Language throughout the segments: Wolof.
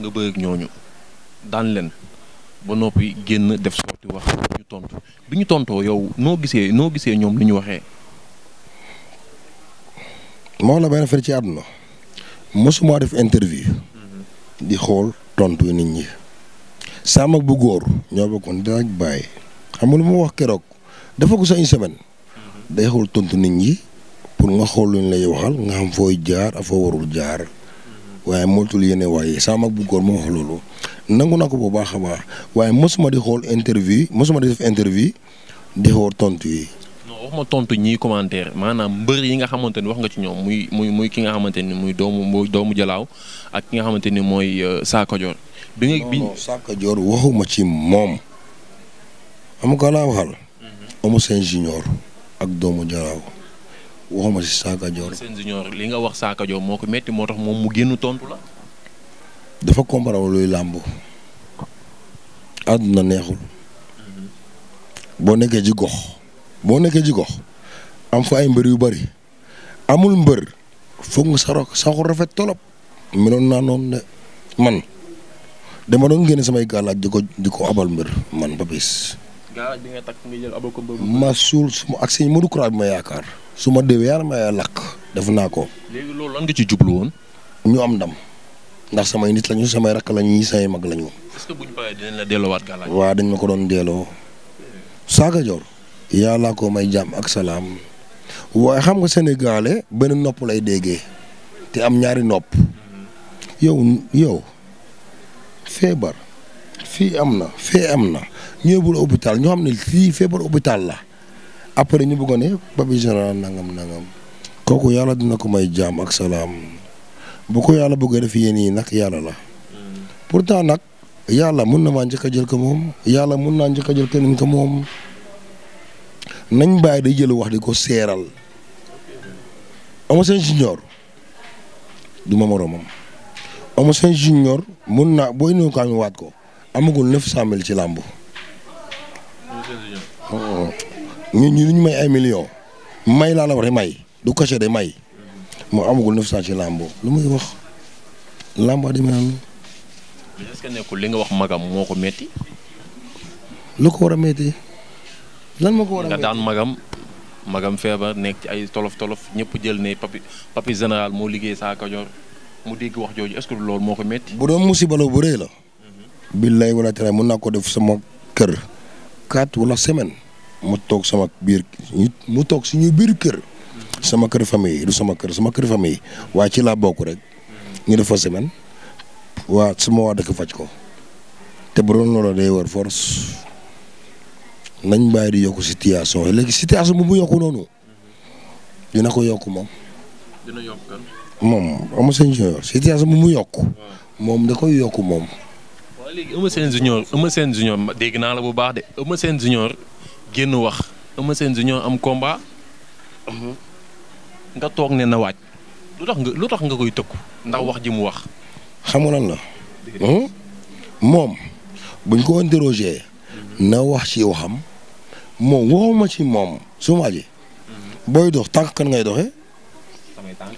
nga bëgg ñooñu daan leen ba noppi génn def sorti wax ñu tontu bi ñu tontoo yow noo gisee noo gisee ñoom lu ñu waxee. moo la benn affaire ci àdduna mosuma def interview. Mhm. di xool tontu nit ñi. sama bu góor ñoo bokkoon dara bàyyi xam nga lu ma wax keroog dafa ko sa une semaine. Mhm. day xool tontu nit ñi pour nga xool luñ lay waxal nga xam fooy jaar ak foo warul jaar. waaye moytul yéene waaye sama mag bu góor moo loolu nangu naa ko bu baax a baax waaye mosuma di xool interview mosuma di def interview di xool tontu yi. non waxuma tontu ñii commentaire maanaam mbër yi nga xamante ni wax nga ci ñoom muy muy muy ki nga xamante ni muy doomu doomu Jalaaw ak ki nga xamante ni mooy euh, Sakho Dior. bi nga bi Sakho Dior waxuma ci moom. am ko laa waxal. amu mhm. seen ak doomu Jalaaw. waxuma ci Saaka seen junior li nga wax Saaka moo ko métti moo tax moom mu génn tontu la. dafa comprendre luy làmb. àdduna neexul. Mm-hmm. boo nekkee ci gox. boo nekkee ci gox. am fa ay mbër yu bari amul mbër. foog nga sa saxul rafet tolop. meloon naa noon de man. dama doon génne samay gàllaaj di ko di ko abal mbër man ba bis garage bi nga takk nga jël ko ma suul suma ak sëñ Modou Croix bi ma yaakaar. su ma déwee yàlla may lakk. def naa ko. léegi ci jublu ñu am ndam. ndax samay nit lañu samay rakk lañu samay mag lañu. est-ce que bu ñu paree dinañ la delloowaat gàllankoor. waaw dañ ma ko ko may jàmm ak salaam. waaye xam nga sénégalais benn nopp lay déggee. te am ñaari nopp. Mm-hmm. yow yow feebar. fii am na fee am na ñu yóbbu la hôpital ñu xam ne fii feebar hôpital la après ñu bëggoon ne Papis Général nangam nangam kooku yàlla dina ko may jaam ak salaam bu ko yàlla bëggee def yéen yi nag yàlla la. pourtant nag yàlla mun na ma njëkk a jël ko moom yàlla mun naa njëkk a jël keneen ko moom nañ bàyyi day jël wax di ko seeral. Eumeu Sène junior du ma mom Eumeu Sène junior mun naa booy nuyu ko waat ko. amagul neuf cent mille ci làmb oh, oh. ñu ñu ñu may ay million may laa la a may du caché de may moo amagul neuf cent ci làmb lu muy wax làmb a demee noonu. mais est nekkul li nga wax magam moo ko metti lu ko war a metti lan ma ko war a metti nga daan magam. magam feebar nekk ci ay tolof tolof ñëpp jël ne papi papi général moo liggéey saa Kajoor mu dégg wax jooju est-ce loolu moo ko metti bu doon musiba bu rëy la. billaay wala teraay mën naa ko def sama kër quatre wula semaine mu toog sama biir mu si ñu biir kër. sama kër famille du sama kër sama kër famille waaye ci laa bokk rek. ñu def fa semaine waa sama waa dëkk faj ko te bu doon loola day war force nañ bàyyi di yokk situation yi léegi situation bu mu yokku noonu. dina ko yokk moom. dina moom am na mu yokk. moom yokk moom. waaw léegi Eumeu Sène junior Eumeu Sène junior dégg naa la bu baax de Eumeu Sène junior génn wax Eumeu Sène junior am komba mhm. nga toog ne na waaj. lu tax nga lu tax nga koy tëkku. ndax wax ji mu wax. xam nga lan la. Hmm? moom buñ ko interrogé. na wax ci waxam. moom waxuma ci moom suma ma mhm. booy dox tànk kan ngay doxee.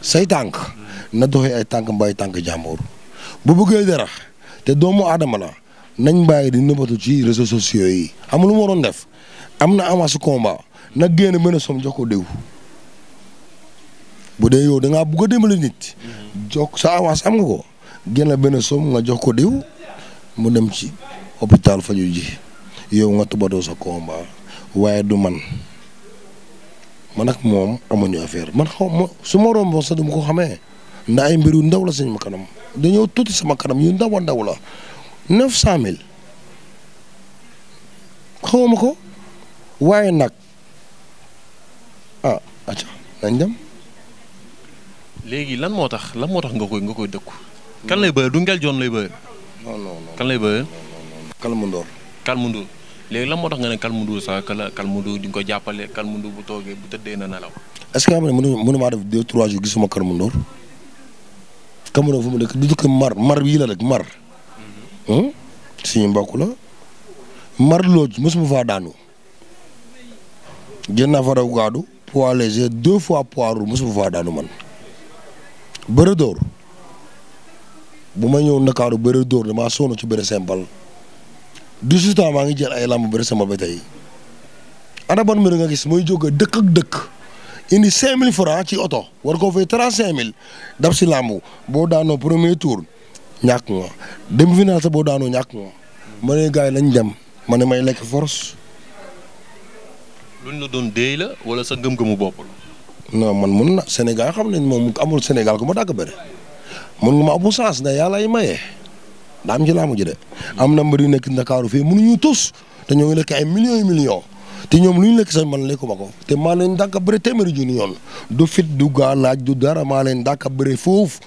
say tànk. Mhm. na doxe ay tànk mbay tànk jàmbur bu bëggee dara. te doomu aadama la nañ bàyyi di nëbbatu ci réseaux sociaux yi. am mu waroon def am na avance combat na génn mën a som jox ko diw bu dee yow da bugg a dimbali nit. jox sa am nga ko génn benn som nga jox ko diw mu dem ci hôpital faju ji yow nga tubadoo sa combat waaye du man. man ak moom amuñu affaire man xaw su ma romboon sax du ma ko xame ndax ay mbir yu ndaw la ma kanam dañoo tuuti sama kanam yu ndaw a ndaw la neuf cent mille xawma ko waaye nag ah acca nañ dem. léegi lan moo tax lan moo tax nga koy nga koy dëkku. kan lay bëre du ngel joon lay bëre. non non non kan lay bëre. Kalmundoor. Kalmundoor léegi lan moo tax nga ne Kalmundoor sax kala Kalmundoor di nga ko jàppale Kalmundoor bu toogee bu tëddee na nelaw. est-ce que nga ne mënu mënu maa def deux trois jours gisuma Kalmundoor. Cameroun fu mu dëkk di dëkk mar mar yii la rek mar. Hmm? suñu mbokk la. mar looj mosuma faa daanu. jën naa fa daw gaadu poids deux fois poids lourd mosuma faa daanu man. bëre dóor bu ma ñëw Ndakaaru bëre dóor damaa sonn ci bëre simple. dix-huit ans maa ngi jël ay lamb bëre simple ba tey. ana ban mbir nga gis mooy jóge dëkk ak dëkk. indi 5000 francs ci oto war koo fay 35000 daf si làmbu boo daanoo premier tour ñàkk nga dem final sa boo daanoo ñàkk nga ma ne gars yi lañ dem ma ne may lekk force. luñ la doon déey la wala sa ngëm-ngëmu bopp la. non man mun na Sénégal xam nañ moom amul Sénégal ku ma dàgg bëre mun nga ma abu chance ne yàlla ay maye daa am ci laamu ji de am na mbir yu nekk Ndakaaru fii mënuñu tus te ñoo ngi lekk ay millions yu millions. te ñoom lu ñu lekk sax man lekkuma ko te maa leen dàkk bëre téeméeri junni yoon du fit du gaa laaj du dara maa leen dàkk bëre foofu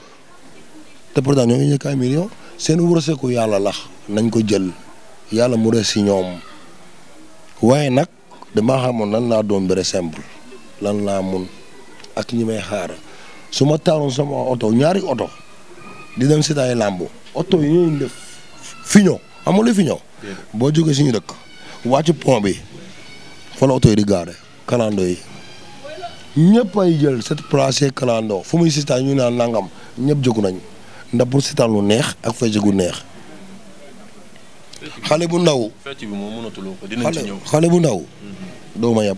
te pourtant ñoo ngi nekk ay million seen wërsëgu yàlla lax nañ ko jël yàlla mu des si ñoom waaye nag damaa xamoon lan laa doon bëre simple lan laa mun ak ñi may xaar su ma taaloon sama oto ñaari oto di dem si ay làmb oto yi ñuy def fi ñoo amul fi ñoo boo jógee suñu dëkk wàcc pont bi. fa la oto yi di gaare kalandoo yi ñëpp ay jël cette place kalandoo fu muy sitaan ñu naan nangam ñëpp jógu nañ ndax pour sitaan lu neex ak fecc gu neex. xale bu ndaw fecc bi moom mënatuloo ko xale bu ndaw mhm. doo ma yab.